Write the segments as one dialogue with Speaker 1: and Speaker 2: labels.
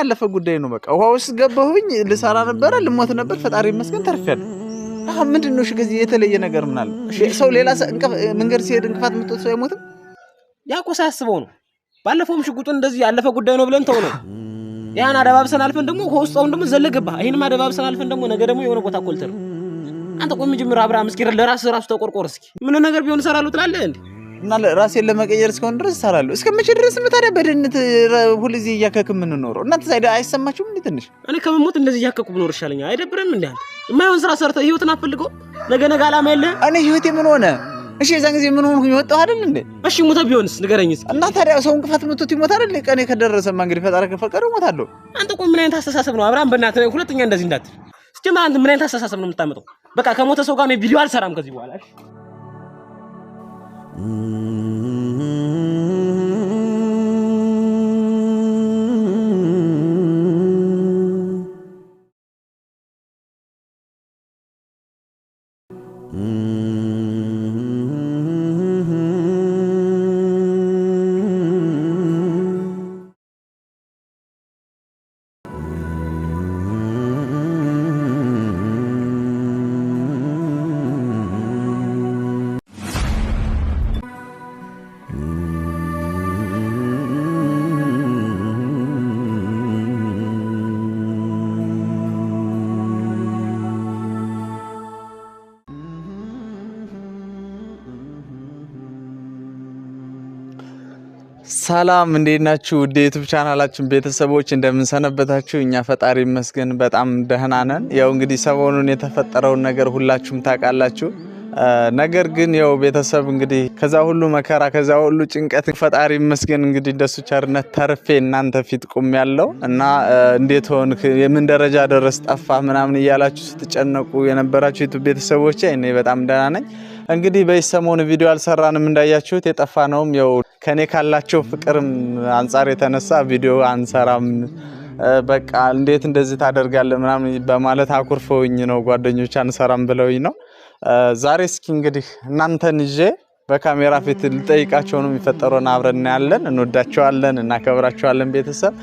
Speaker 1: ያለፈ ጉዳይ ነው። በቃ ውሃ ውስጥ ገባሁኝ፣ ልሰራ ነበረ፣ ልሞት ነበር። ፈጣሪ መስገን ተርፌያለሁ። አሁን ምንድን ነው ከዚህ የተለየ ነገር ምን ሰው ሌላ መንገድ ሲሄድ እንቅፋት ምጦት ሰው አይሞትም።
Speaker 2: ያኮ ሳያስበው ነው። ባለፈውም ሽጉጡን እንደዚህ ያለፈ ጉዳይ ነው ብለን ተው ነው ያን አደባብሰን አልፈን ደግሞ ውሃ ውስጥ አሁን ደግሞ ዘለገባህ። ይህንም አደባብሰን አልፈን ደግሞ ነገ ደግሞ የሆነ ቦታ ኮልተ ነው አንተ ቆይ፣ መጀመሪያ አብርሃም እስኪ ለራስ ራሱ ተቆርቆር እስኪ ምን ነገር ቢሆን እሰራለሁ ትላለህ እንዴ?
Speaker 1: እና ራሴን ለመቀየር እስከሆነ ድረስ እሰራለሁ። እስከ መቼ ድረስ ነው ታዲያ በድህነት ሁልጊዜ እያከክ የምንኖረው? እናንተ ሳይ አይሰማችሁም እንዴ? ትንሽ
Speaker 2: እኔ ከመሞት እንደዚህ እያከቁ ብኖር ይሻለኛል። አይደብርም እንዴ? የማይሆን ስራ ሰርተ ህይወትን አፈልገው ነገ ነገ አላማ የለ።
Speaker 1: እኔ ህይወቴ ምን ሆነ? እሺ የዛን ጊዜ ምን ሆንኩኝ? ወጣሁ አይደል እንዴ?
Speaker 2: እሺ ሞተ ቢሆንስ ንገረኝ
Speaker 1: እና ታዲያ ሰው እንቅፋት መቶት ይሞት አይደል? ቀኔ ከደረሰማ እንግዲህ ፈጣሪ ከፈቀደ እሞታለሁ።
Speaker 2: አንተ ቆይ ምን አይነት አስተሳሰብ ነው አብርሃም? በእናትህ ሁለተኛ እንደዚህ እንዳትል። እስኪ ምን አይነት አስተሳሰብ ነው የምታመጣው? በቃ ከሞተ ሰው ጋር ቪዲዮ አልሰራም ከዚህ በኋላ። Mm-hmm.
Speaker 1: ሰላም እንዴት ናችሁ? ውድ ዩቱብ ቻናላችን ቤተሰቦች እንደምንሰነበታችሁ፣ እኛ ፈጣሪ ይመስገን በጣም ደህና ነን። ያው እንግዲህ ሰሞኑን የተፈጠረውን ነገር ሁላችሁም ታውቃላችሁ። ነገር ግን ያው ቤተሰብ እንግዲህ ከዛ ሁሉ መከራ ከዛ ሁሉ ጭንቀት ፈጣሪ ይመስገን እንግዲህ እንደሱ ቸርነት ተርፌ እናንተ ፊት ቁም ያለው እና እንዴት ሆንክ የምን ደረጃ ደረስ ጠፋ ምናምን እያላችሁ ስትጨነቁ የነበራችሁ ዩቱብ ቤተሰቦች እኔ በጣም ደህና ነኝ። እንግዲህ በዚህ ሰሞን ቪዲዮ አልሰራንም እንዳያችሁት የጠፋ ነውም ያው ከኔ ካላቸው ፍቅርም አንጻር የተነሳ ቪዲዮ አንሰራም በቃ እንዴት እንደዚህ ታደርጋለ ምናምን በማለት አኩርፈውኝ ነው ጓደኞች አንሰራም ብለውኝ ነው። ዛሬ እስኪ እንግዲህ እናንተን ይዤ በካሜራ ፊት ልጠይቃቸው ነው። የሚፈጠረውን አብረን እናያለን። እንወዳቸዋለን፣ እናከብራቸዋለን። ቤተሰብ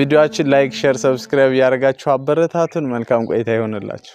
Speaker 1: ቪዲዮችን ላይክ፣ ሼር፣ ሰብስክራይብ እያደረጋችሁ አበረታቱን። መልካም ቆይታ ይሆንላችሁ።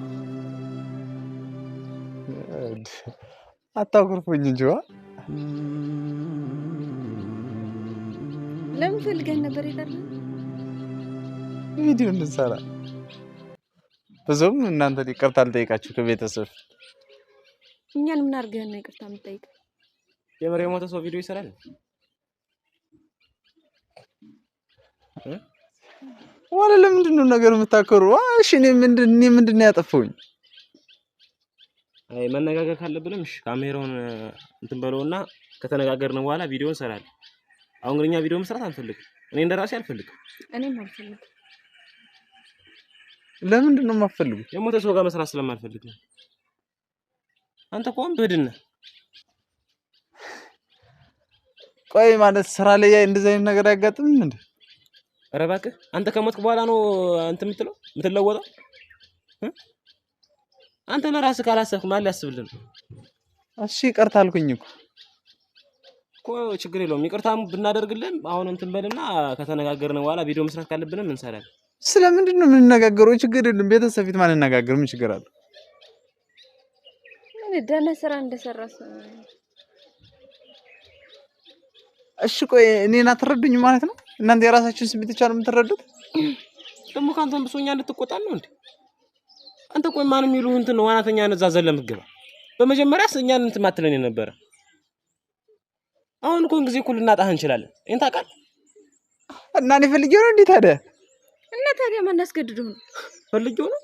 Speaker 1: አታኩርፉኝ እንጂ
Speaker 3: ለምን ፈልገን ነበር የጠራህ?
Speaker 1: ቪዲዮ እንድንሰራ ብዙም እናንተ ይቅርታ አልጠይቃችሁ ከቤተሰብ
Speaker 3: እኛን ምን አድርገህ ነው ይቅርታ የምጠይቅ?
Speaker 2: የምር የሞተ ሰው ቪዲዮ ይሰራል?
Speaker 1: ወለ ለምንድን ነው ነገር የምታከሩ? እሺ እኔ ምንድን ነው ያጠፋሁኝ?
Speaker 2: መነጋገር ካለብንም እሺ ካሜራውን እንትን በለውና ከተነጋገርን በኋላ ቪዲዮ እንሰራለን። አሁን ግን እኛ ቪዲዮ መስራት አንፈልግም። እኔ እንደራሴ አልፈልግም።
Speaker 3: እኔም አልፈልግም።
Speaker 1: ለምንድን ነው የማትፈልጉት?
Speaker 2: የሞተ ሰው ጋር መስራት ስለማልፈልግ ነው።
Speaker 1: አንተ ቆም ወንበድና ቆይ ማለት ስራ ላይ እንደዚህ አይነት ነገር አያጋጥምም እንዴ?
Speaker 2: ኧረ እባክህ አንተ ከሞትክ በኋላ ነው እንትን የምትለው የምትለወጠው? አንተ ለራስህ ካላሰብክ ማን ሊያስብልን?
Speaker 1: እሺ ይቅርታ አልኩኝ እኮ
Speaker 2: እኮ ችግር የለውም። ይቅርታም ብናደርግልን አሁን እንትን በልና ከተነጋገርን በኋላ ቪዲዮ መስራት ካለብንም እንሰራለን።
Speaker 1: ስለምንድን ነው የምንነጋገረው? ችግር የለም። ቤተሰብ ፊት ማንነጋገር ምን ችግር አለ?
Speaker 3: ምን ደህና ስራ እንደሰራ
Speaker 1: እሺ። ቆይ እኔን አትረዱኝ ማለት ነው? እናንተ የራሳችሁን ስሜት ብቻ ነው የምትረዱት።
Speaker 2: ደግሞ ከአንተን ብሶኛ እንድትቆጣ ነው እንዴ? አንተ ቆይ ማን የሚሉ እንትን ነው ዋናተኛ ነዛ ዘለም ግባ። በመጀመሪያ እኛን እንትን ማትለን የነበረ አሁን እኮ ጊዜ እኮ ልናጣህ እንችላለን። ይሄን ታውቃለህ።
Speaker 1: እና እኔ ፈልጌው ነው እንዴ ታዲያ?
Speaker 3: እና ታዲያ ማን አስገድዶ ነው?
Speaker 2: ፈልጌው ነው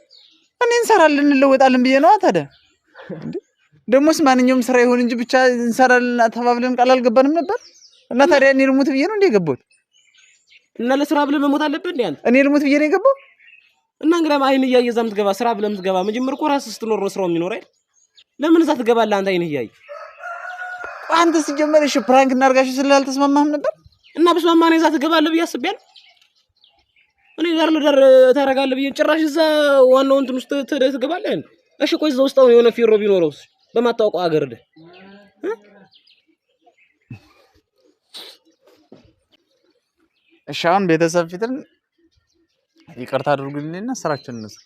Speaker 1: እኔ እንሰራለን እንለወጣለን ብዬ ነው ታዲያ። ደግሞስ ማንኛውም ስራ ይሁን እንጂ ብቻ እንሰራለን ተባብለን ቃል አልገባንም ነበር። እና ታዲያ እኔ ልሙት ብዬ ነው እንዴ የገባሁት?
Speaker 2: እና ለስራ ብለህ መሞት አለብህ እንዴ አንተ?
Speaker 1: እኔ ልሙት ብዬ ነው የገባሁት
Speaker 2: እና እንግዲህ አይን እያየ እዛ ምትገባ ስራ ብለህ ምትገባ መጀመር እኮ ራስህ ስትኖር ነው ስራው የሚኖር አይደል? ለምን እዛ ትገባለህ? አንተ አይን እያየ
Speaker 1: አንተ ሲጀመር እሺ ፕራንክ እናርጋሽ ስላልተስማማህም ነበር
Speaker 2: እና በስማማ ነው እዛ ትገባለህ ብዬ አስቤያለሁ። እኔ ዳር ለዳር ታደርጋለህ ብዬ ጭራሽ እዛ ዋናው እንትን ውስጥ ትገባለህ። እሺ ቆይ እዛ ውስጥ አሁን የሆነ ፌሮ ቢኖረውስ በማታውቀው አገር ደ
Speaker 1: እሺ አሁን ቤተሰብ ፊትን ይቅርታ አድርጉልኝና ስራችን እንስራ።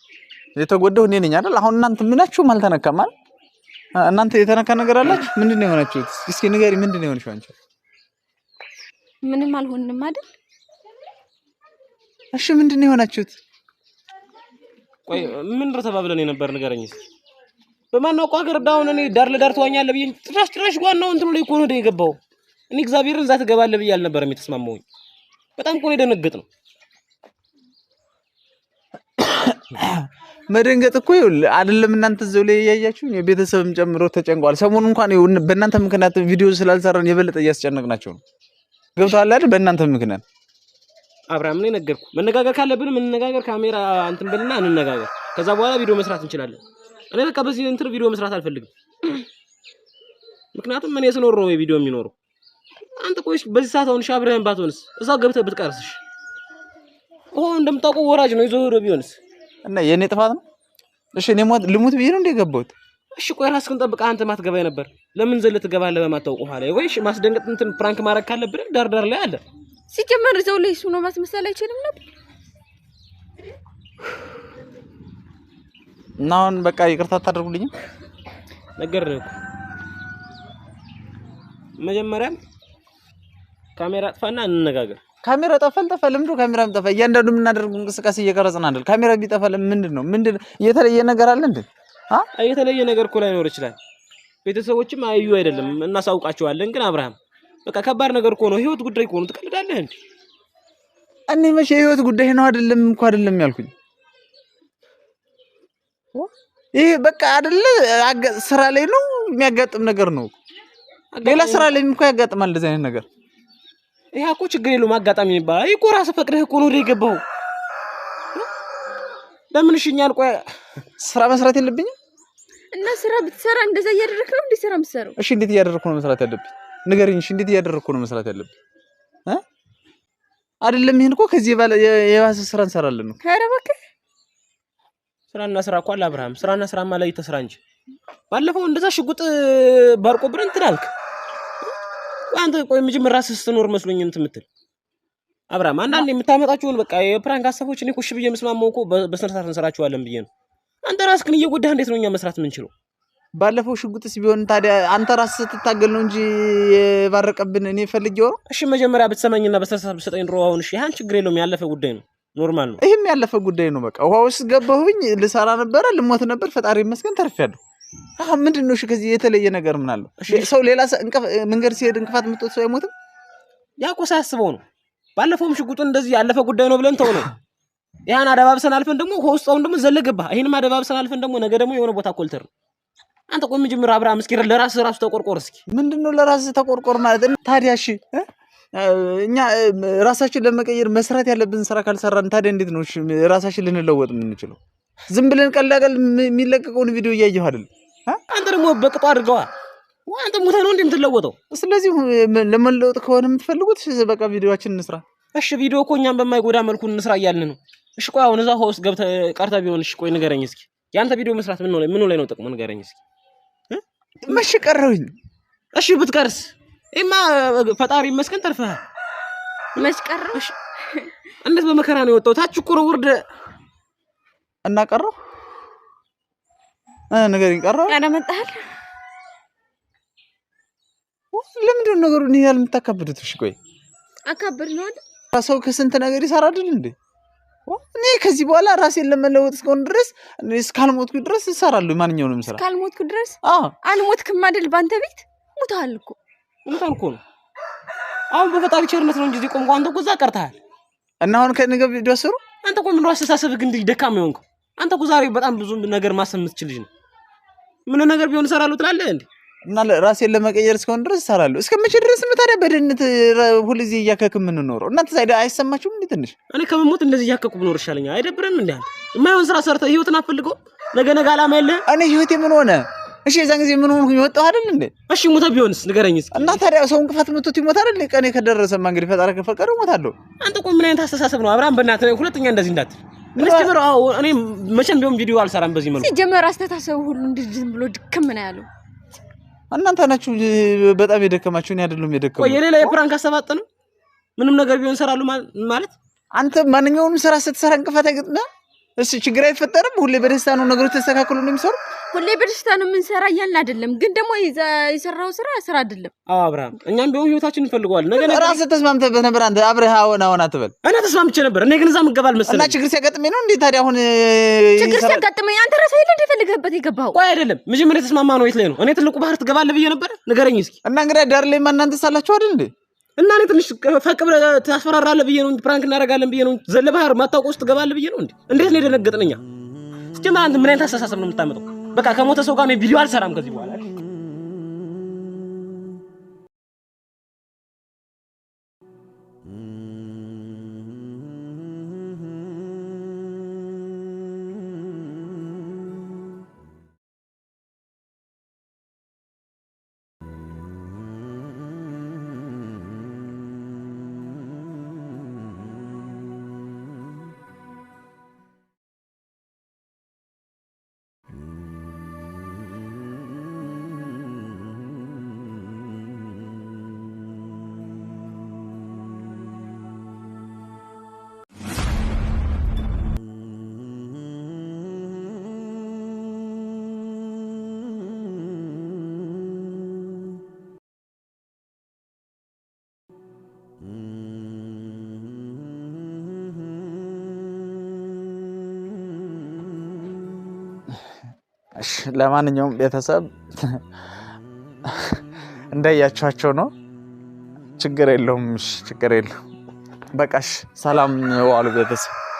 Speaker 1: የተጎዳው እኔ ነኝ አይደል? አሁን እናንተ ምናችሁም አልተነካም አይደል? እናንተ የተነካ ነገር አላችሁ? ምንድን ነው የሆናችሁት? እስኪ ንገሪ፣ ምንድን ነው የሆንሽው አንቺ?
Speaker 3: ምንም አልሆንም አይደል?
Speaker 1: እሺ፣ ምንድን ነው የሆናችሁት?
Speaker 2: ቆይ ምን ድረስ ተባብለን የነበር ንገረኝ እስኪ። በማናውቀው ሀገር ዳውን እኔ ዳር ለዳር ትዋኛለህ ብዬ ጭራሽ ጭራሽ ዋናው እንትኑ ላይ እኮ ነው የገባው። እኔ እግዚአብሔርን እዛ ትገባለህ ብዬ አልነበረም የተስማማሁኝ። በጣም እኮ ነው የደነገጥ ነው
Speaker 1: መደንገጥ እኮ አይደለም። እናንተ እዚያው ላይ እያያችሁ የቤተሰብም ጨምሮ ተጨንቀዋል። ሰሞኑ እንኳን በእናንተ ምክንያት ቪዲዮ ስላልሰራን የበለጠ እያስጨነቅናቸው ነው። ገብተዋል አይደል? በእናንተ ምክንያት
Speaker 2: አብርሃም ነው የነገርኩ። መነጋገር ካለብን እንነጋገር። ካሜራ እንትን በልና እንነጋገር። ከዛ በኋላ ቪዲዮ መስራት እንችላለን። እኔ በቃ በዚህ እንትን ቪዲዮ መስራት አልፈልግም። ምክንያቱም እኔ ስኖር ነው ቪዲዮ የሚኖረው። አንተ ቆይ በዚህ ሰዓት አሁን አብርሃም ባትሆንስ? እዛው ገብተህ ብትቀርስሽ? ኦ እንደምታውቀው ወራጅ ነው ይዞ ሄዶ ቢሆንስ?
Speaker 1: እና የእኔ ጥፋት ነው? እሺ እኔ ሞት ልሙት ብዬ ነው እንደ ገባሁት?
Speaker 2: እሺ ቆይ ራስህን ጠብቅ። አንተ ማትገባኝ ነበር። ለምን ዘልህ ትገባለህ በማታውቀው ኋላ? ወይ እሺ ማስደንገጥ እንትን ፕራንክ ማድረግ ካለብህ ዳር ዳር ላይ አለ።
Speaker 3: ሲጀመር ዘው ላይ እሱ ነው ማስመሰል አይችልም ነበር
Speaker 1: እና አሁን በቃ ይቅርታ ታደርጉልኝ
Speaker 2: ነገር ነው። መጀመሪያም ካሜራ አጥፋና እንነጋገር።
Speaker 1: ካሜራ ጠፈል ጠፈል ምንድን ነው? ካሜራም ጠፈል እያንዳንዱ የምናደርገው እንቅስቃሴ እየቀረጽን አይደል? ካሜራ ቢጠፈል ምንድን ነው? ምንድን እየተለየ ነገር አለ እንዴ?
Speaker 2: አ እየተለየ ነገር እኮ ላይኖር ይችላል። ቤተሰቦችም አዩ አይደለም እናሳውቃቸዋለን። ግን አብርሃም በቃ ከባድ ነገር እኮ ነው። ህይወት ጉዳይ እኮ ነው። ትቀልዳለህ እንዴ?
Speaker 1: እኔ መቼ የህይወት ጉዳይ ነው አይደለም እኮ አይደለም ያልኩኝ። ይሄ በቃ አይደለ ስራ ላይ ነው የሚያጋጥም ነገር ነው። ሌላ ስራ ላይ እኮ ያጋጥማል እንደዚህ አይነት ነገር
Speaker 2: ይሄ እኮ ችግር የለውም አጋጣሚ ይባላል። ይሄ እኮ ራስህ ፈቅደህ እኮ ነው ወደ ለምን እሽኛል? ቆይ ስራ መስራት የለብኝም
Speaker 3: እና ስራ ብትሰራ እንደዛ እያደረክ ነው እንዴ? ስራ
Speaker 1: እሺ እንዴት እያደረኩ ነው መስራት ያለብኝ? ንገሪኝ። እሺ እንዴት እያደረኩ ነው መስራት ያለብኝ? አይደለም ይሄን እኮ ከዚህ የባሰ ስራ እንሰራለን ነው።
Speaker 3: ኧረ እባክህ
Speaker 2: ስራና ስራ እኮ አለ አብርሃም። ስራና ስራማ ላይ ተስራ እንጂ ባለፈው እንደዛ ሽጉጥ ባርቆ ብረን ትላልክ አንተ ቆይ መጀመሪያ ራስህ ስትኖር መስሎኝ እንትን የምትል አብርሃም፣ አንዳንዴ የምታመጣችሁን በቃ የፕራንክ ሀሳቦች እኔ እሺ ብዬ የምስማማው እኮ በስነ ስርዓት እንሰራችኋለን ብዬ ነው። አንተ ራስህ እየጎዳህ እንዴት ነው እኛ መስራት የምንችለው?
Speaker 1: ባለፈው ሽጉጥስ ቢሆን ታዲያ አንተ ራስ ስትታገል ነው እንጂ የባረቀብን እኔ ፈልጌው ነው።
Speaker 2: እሺ መጀመሪያ ብትሰማኝና በስነ ስርዓት ብትሰጠኝ ድሮ። አሁን እሺ ያን ችግር የለውም ያለፈ ጉዳይ ነው ኖርማል ነው።
Speaker 1: ይህም ያለፈ ጉዳይ ነው። በቃ ውሃ ውስጥ ገባሁኝ ልሰራ ነበረ ልሞት ነበር። ፈጣሪ ይመስገን ተርፌያለሁ። ምንድን ነው? እሺ ከዚህ የተለየ ነገር ምን አለው? ሰው ሌላ መንገድ ሲሄድ እንቅፋት ምጦት ሰው አይሞትም።
Speaker 2: ያ እኮ ሳያስበው ነው። ባለፈውም ሽጉጡን እንደዚህ ያለፈ ጉዳይ ነው ብለን ተው ነው ያን አደባብሰን አልፈን ደግሞ ከውስጥ ደግሞ ዘለገባ ይሄንም አደባብሰን አልፈን ደግሞ ነገ ደግሞ የሆነ ቦታ ኮልተር ነው። አንተ ቆም ምን አብርሃም፣ እስኪ ለራስ ራሱ ተቆርቆር። እስኪ
Speaker 1: ምንድን ነው ለራስህ ተቆርቆር ማለት ታዲያ? እሺ እኛ ራሳችን ለመቀየር መስራት ያለብን ስራ ካልሰራን ታዲያ እንዴት ነው እሺ ራሳችን ልንለወጥ የምንችለው? ዝም ብለን ቀላቀል የሚለቀቀውን ቪዲዮ እያየሁ አይደለም
Speaker 2: አንተ ደግሞ በቅጡ አድርገዋል። አንተ ሙተ ነው እንዴ የምትለወጠው?
Speaker 1: ስለዚህ ለመለወጥ ከሆነ የምትፈልጉት በቃ ቪዲዮችን እንስራ።
Speaker 2: እሺ ቪዲዮ እኮ እኛም በማይጎዳ መልኩ እንስራ እያልን ነው። እሺ ቆይ አሁን እዛ ሆስ ገብተ ገብተህ ቢሆን እሺ፣ ቆይ ንገረኝ እስኪ የአንተ ቪዲዮ መስራት ምኑ ላይ ነው ጥቅሙ? ንገረኝ እስኪ።
Speaker 1: መቼ ቀረውኝ።
Speaker 2: እሺ ብትቀርስ ይማ ፈጣሪ ይመስገን ተርፈሃል። መች ቀረሁ? እንዴት በመከራ ነው የወጣው ታች ቁርውርድ
Speaker 1: እና ቀረሁ ነገር ይቀራ ያለመጣል ለምንድን ነው ነገሩ? ይሄ የምታካብዱት? እሺ ቆይ አካብድ ነው ሰው ከስንት ነገር ይሰራል እንዴ? እኔ ከዚህ በኋላ ራሴን ለመለወጥ እስከሆነ ድረስ እስካልሞትኩ ድረስ እሰራለሁ ማንኛውንም ስራ
Speaker 3: እስካልሞትኩ ድረስ። አልሞትክም አይደል? በአንተ ቤት ሙታል እኮ
Speaker 2: ሙታል እኮ ነው። አሁን በፈጣሪ ቸርነት ነው እንጂ እዚህ ቆምኩ። አንተ እኮ እዛ ቀርተሃል
Speaker 1: እና አሁን ከነገብ ደስሩ
Speaker 2: አንተ እኮ ምንድን አስተሳሰብህ ግን ደካማ የሆንከው አንተ እኮ ዛሬ በጣም ብዙ ነገር ማሰብ የምትችል ልጅ ነው። ምን ነገር ቢሆን እሰራለሁ ትላለህ እንዴ?
Speaker 1: እና ራሴን ለመቀየር እስከሆነ ድረስ እሰራለሁ። እስከ መቼ ድረስ ነው ታዲያ በድህነት ሁልጊዜ እያከክ የምንኖረው? እናንተ ሳይዳ አይሰማችሁም እንዴ? ትንሽ
Speaker 2: እኔ ከመሞት እንደዚህ እያከኩ ብኖር ይሻለኛል። አይደብረም? እንዴ? የማይሆን ስራ ሰርተ ህይወትን አትፈልገው። ነገ ነገ አላማ የለ።
Speaker 1: እኔ ህይወቴ ምን ሆነ? እሺ የዛን ጊዜ ምን ሆንኩኝ ወጣሁ አይደል እንዴ?
Speaker 2: እሺ ሞተ ቢሆንስ ንገረኝ እስኪ።
Speaker 1: እና ታዲያ ሰው እንቅፋት መቶት ይሞት አይደል? ቀኔ ከደረሰማ እንግዲህ ፈጣሪ ከፈቀደው እሞታለሁ።
Speaker 2: አንተ ቆይ ምን አይነት አስተሳሰብ ነው አብርሃም? በእናትህ ሁለተኛ እንደዚህ እንዳትል ምንስ ጀመር? አዎ እኔ መቼም ቢሆን ቪዲዮ አልሰራም በዚህ መልኩ።
Speaker 3: ሲጀመር አስተሳሰቡ ሁሉ እንዲህ ዝም ብሎ ድክም ነው ያለው።
Speaker 1: እናንተ ናችሁ በጣም የደከማችሁ፣ እኔ አይደለሁም የደከመው።
Speaker 2: ወይ የሌላ የፕራንክ አሰባጥ ነው። ምንም ነገር ቢሆን ሰራሉ ማለት
Speaker 1: አንተ ማንኛውንም ስራ ስትሰራ እንቅፋት አይገጥምም እሺ ችግር አይፈጠርም። ሁሌ በደስታ ነው ነገሮች ተስተካክሎ ነው የሚሰሩ።
Speaker 3: ሁሌ በደስታ ነው የምንሰራ እያልን አይደለም፣ ግን ደግሞ የሰራው ስራ ስራ አይደለም።
Speaker 2: አዎ አብርሃም፣ እኛም ቢሆን ህይወታችን እንፈልገዋል።
Speaker 1: ነገ ራስህ ተስማምተህበት ነበር አንተ አብረህ አሁን አሁን አትበል።
Speaker 2: እኔ ተስማምቼ ነበር፣ እኔ ግን እዛ የምገባል መሰለኝ
Speaker 1: እና ችግር ሲያጋጥመኝ ነው እንዴ ታዲያ? አሁን
Speaker 3: ችግር ሲያጋጥመኝ አንተ ራስህ የለ እንዴ ፈልገህበት የገባኸው?
Speaker 2: ቆይ አይደለም፣ መጀመሪያ የተስማማ ነው የት ላይ ነው? እኔ ትልቁ ባህር ትገባለህ ብዬ ነበር። ንገረኝ እስኪ።
Speaker 1: እና እንግዲህ ዳር ላይ እናንተ ሳላችሁ አይደል እንዴ
Speaker 2: እና እኔ ትንሽ ፈቅ ብለህ ታስፈራራለህ ብዬ ነው ፕራንክ እናደርጋለን ብዬ ነው ዘለ ባህር ማታውቀው ውስጥ ትገባለህ ብዬ ነው እንዴ? እንዴት ነው የደነገጥነኛ? እስኪ ምን አይነት አስተሳሰብ ነው የምታመጠው? በቃ ከሞተ ሰው ጋር ቪዲዮ አልሰራም ከዚህ በኋላ
Speaker 1: ለማንኛውም ቤተሰብ እንዳያቸኋቸው ነው። ችግር የለውም፣ ችግር የለውም። በቃሽ። ሰላም ዋሉ ቤተሰብ።